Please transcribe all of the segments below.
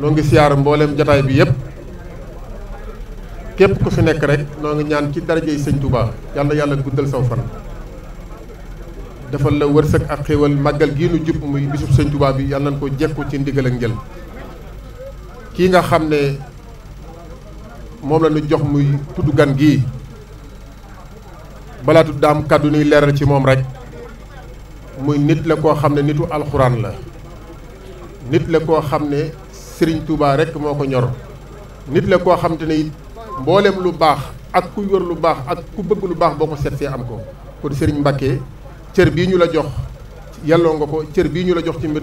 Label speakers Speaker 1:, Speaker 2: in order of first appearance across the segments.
Speaker 1: noo ngi siyaar mbooleem jataay bi yépp képp ku fi nekk rek noo ngi ñaan ci darajey sëñ Touba yàlla yàlla guddal saw fan defal la wërsëg ak xéewal màggal gii nu jub muy bisub sëñ Touba bi yàlla nañ ko jekku ci ndigal ak njël kii nga xam ne moom la ñu jox muy tudd gan gii balaatu tudd daam kàddu nuy leeral ci moom rek muy nit la koo xam ne nitu alxuraan la nit la koo xam ne Serigne Touba rek moo ko ñor nit la koo xam te ne it mboolem lu baax ak ku wër lu baax ak ku bëgg lu baax boo ko seet see am ko kon Serigne Mbacke cër bii ñu la jox yelloo nga ko cër bii ñu la jox ci mbir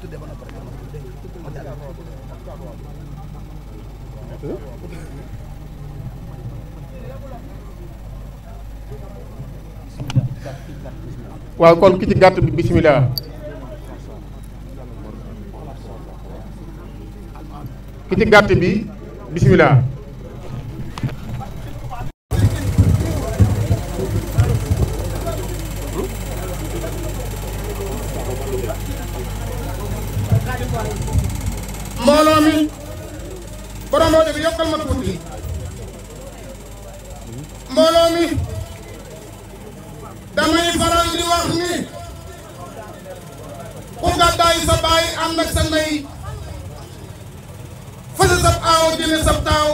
Speaker 1: tuddee ba noppi waaw kon ki ci gàtt bi bisimilah. ki
Speaker 2: mbooloo mi borom rajo bi yokkal ma tuuti mbooloo mi damay faral di wax ni ku gàddaay sa baay ànd ak sa ndey fële sab aaw jële sab taaw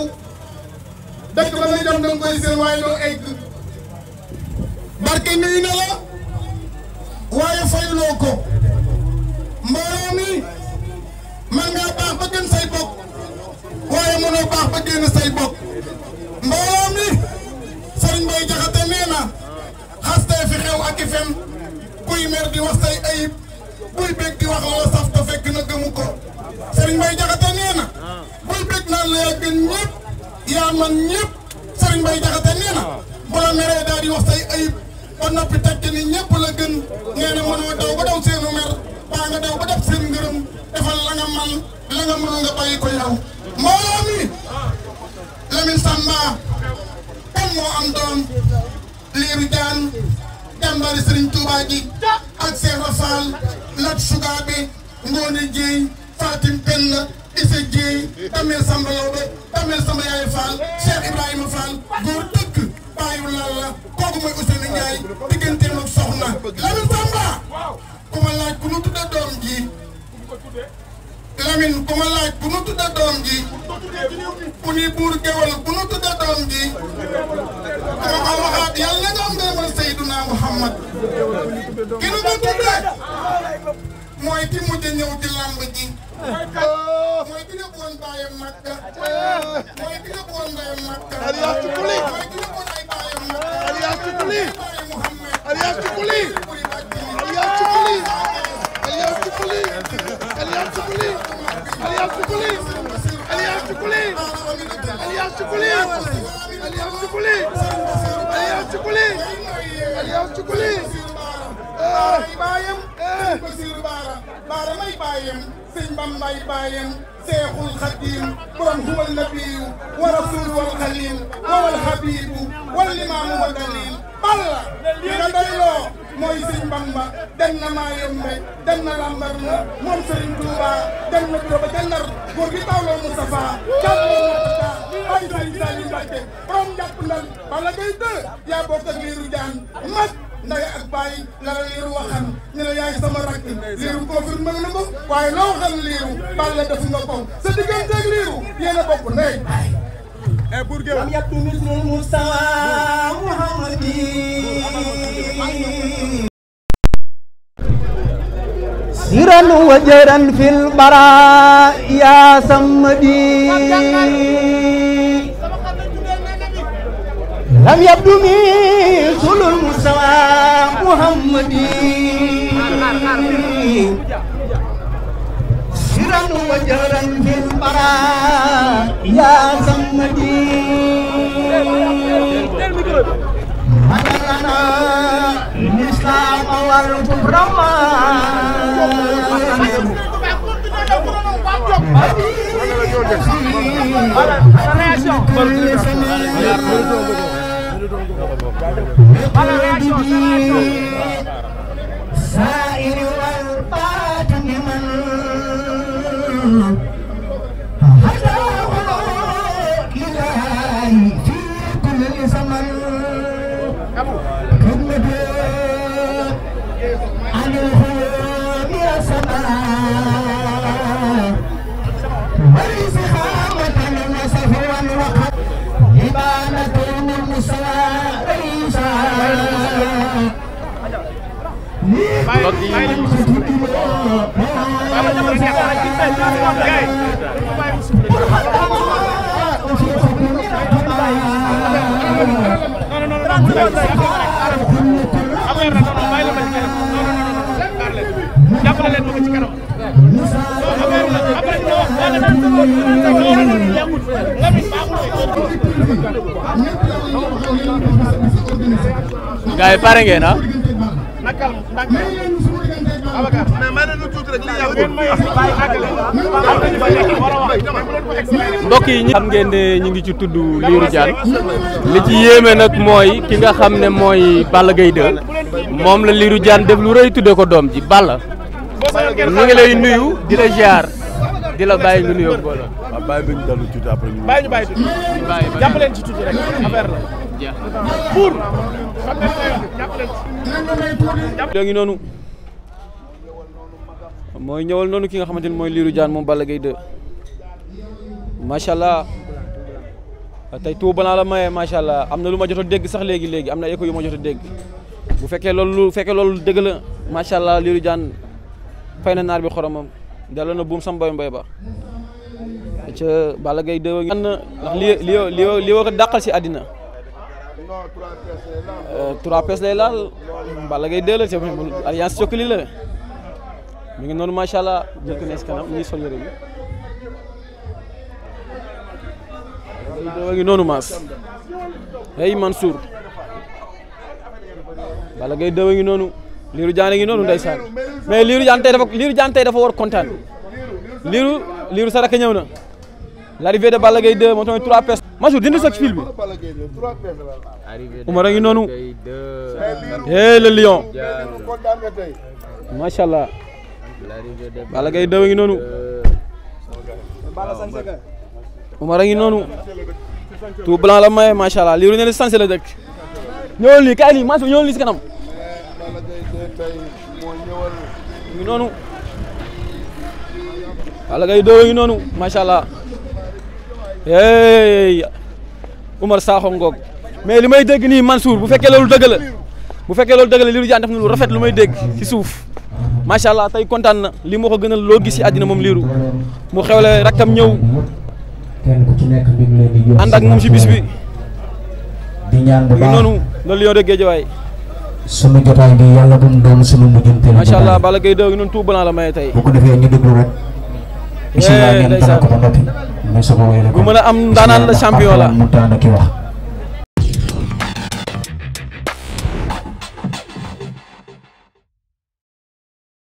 Speaker 2: dëkk ba ngay dem nga koy seen waaye doo egg barke nuyu na la waaye fayloo ko génn say bokk Jaxate nee xastee fi xew ak i fen buy mer di wax say ayib buy bég di wax loola saf te fekk na gëmu ko sëriñ Mbaye Jaxate nee buy bég naan la gën ñëpp yaa man ñëpp sëriñ Mbaye Jaxate nee na bu meree daal wax say ayib ba noppi tekki ni la gën nee na mënoo daw ba daw seenu mer baa nga daw ba def seen ngërëm defal la nga man la nga mënul nga bàyyi ko yow mbooloo mi Lamine Samba kan moo am doom Lirou Diane jàmbari Serigne Touba ak Seexa Fall Lat Suga bi Ngoone Dieng Fatim Penda Issa Dieng Damel Samba Lawbe Damel Samba Yaay Fall Cheikh Ibrahima Fall góor dëkk bàyyu lal la kooku mooy Ousseynou Ndiaye digganteem ak soxna Lamine Samba ku ma laaj ku doom ji Lamine ku ma laaj nu tudda doom ji ku ni buur gewal nu tudda doom ji dama ko waxaat yàlla nga am Seyduna Muhammad ki nu ko tudde mooy ki mujj ñëw ci ji mooy ki yóbbuwoon baayam Makka mooy ki yóbbuwoon ndeyam Makka mooy ki Cuculi, Elias Cuculi, Elias Cuculi, Elias Cuculi, Elias Cuculi, Elias Cuculi. Eh. baayam Basiir eh. Baara Baara may baayam sëñ Bambay baayam Seexul Xadiim borom huwa nabiyu wa rasuulu wal xaliil wal habiibu wal imaamu wa daliil balla nga doyloo mooy sëñ a dem na Mayumbe a na Lambaréné moom a Touba dem na Touba ca Ndar góor gi tawloo Moustapha tawloo Moustapha ay Serigne Saliou Mbacké borom jàpp ndal bala ngay dë yaa bokk ak liiru jaan mag ndaye ak bàyyi la la liiru waxan ñu ne yaay sama liiru confirmé na ko waaye loo xam liiru balla defu nga ko sa digganteeg liiru yéen a bokk لم يكن مثل المستوى محمدي سرا وجرا في البراء يا سمدي لم يبدو مثل المستوى محمدي سرا وجرا في البراء البراء يا سمدي هنرنا الإسلام والكفر ما di
Speaker 1: gaay pare ngeen ah
Speaker 3: mbokk yi ñu xam ngeen ñu ngi ci tudd liiru Diane li ci yéeme nag mooy ki nga xam ne mooy Balla Gaye 2 moom la liiru jaan def lu rëy tudde ko doom ji Balla ñu ngi lay nuyu di la ziar
Speaker 1: di la bàyyi nga nuyoo mbooloo. ba ñu dalu tuuti après ñu. bàyyi
Speaker 2: ñu bàyyi tuuti.
Speaker 3: la. jeex noonu. mooy ñëwal noonu ki nga xamante ni mooy liiru Diane moom Balla Gaye 2 macha allah tey tout blanc macha allah am na lu ma jot dégg sax léegi léegi am na écho yu ma jot bu fekkee loolu bu fekkee loolu dëgg la macha allah Lirou Diane na naar bi xoromam delloo na buum sam mbay mbay ba ca li li dàqal si àddina euh, trois la alliance Cokkoli la mi ngi noonu macha allah jël ko ne si kanam ñuy sol yére bi
Speaker 2: mi ngi noonu maas
Speaker 3: hey Mansour bala ngay dëwa ngi noonu liiru jaan a ngi noonu ndeysaan mais liiru jaan tey dafa war kontaan liiru liiru saraka ñëw na l'arrivée de Balla Gaye 2 moo tamit trois personnes Mansour dindi soog ci fil bi
Speaker 2: noonu hey le lion macha allah Balla Gaye daw ngi noonu
Speaker 3: Omar a ngi noonu tout la maye macha allah lii lu ne la la dëkk ñëwal lii kaay lii maa ñëwal lii si kanam ngi noonu Balla Gaye doo ngi noonu macha allah hey Umar Sakho ngoog mais li may dégg nii Mansour bu fekkee loolu dëgg bu fekkee loolu dëgg la jaan def na rafet lu may dégg ci suuf macha allah tey kontaan na li moo ko gënal loo gis ci àddina moom liiru mu xewle rakkam ñëw
Speaker 1: ànd ak moom ci bis bi muy noonu
Speaker 3: la Lion de Guédiawaye
Speaker 1: sunu jotaay bi yàlla bu mu doon sunu mujjante macha allah
Speaker 3: Balla Gaye dëgg noonu tout blanc la maye tey bu ko
Speaker 1: defee ñu déglu rek eh,
Speaker 3: incha allah ngeen dana ko ba noppi bu mën a am ndaanaan la champion la wax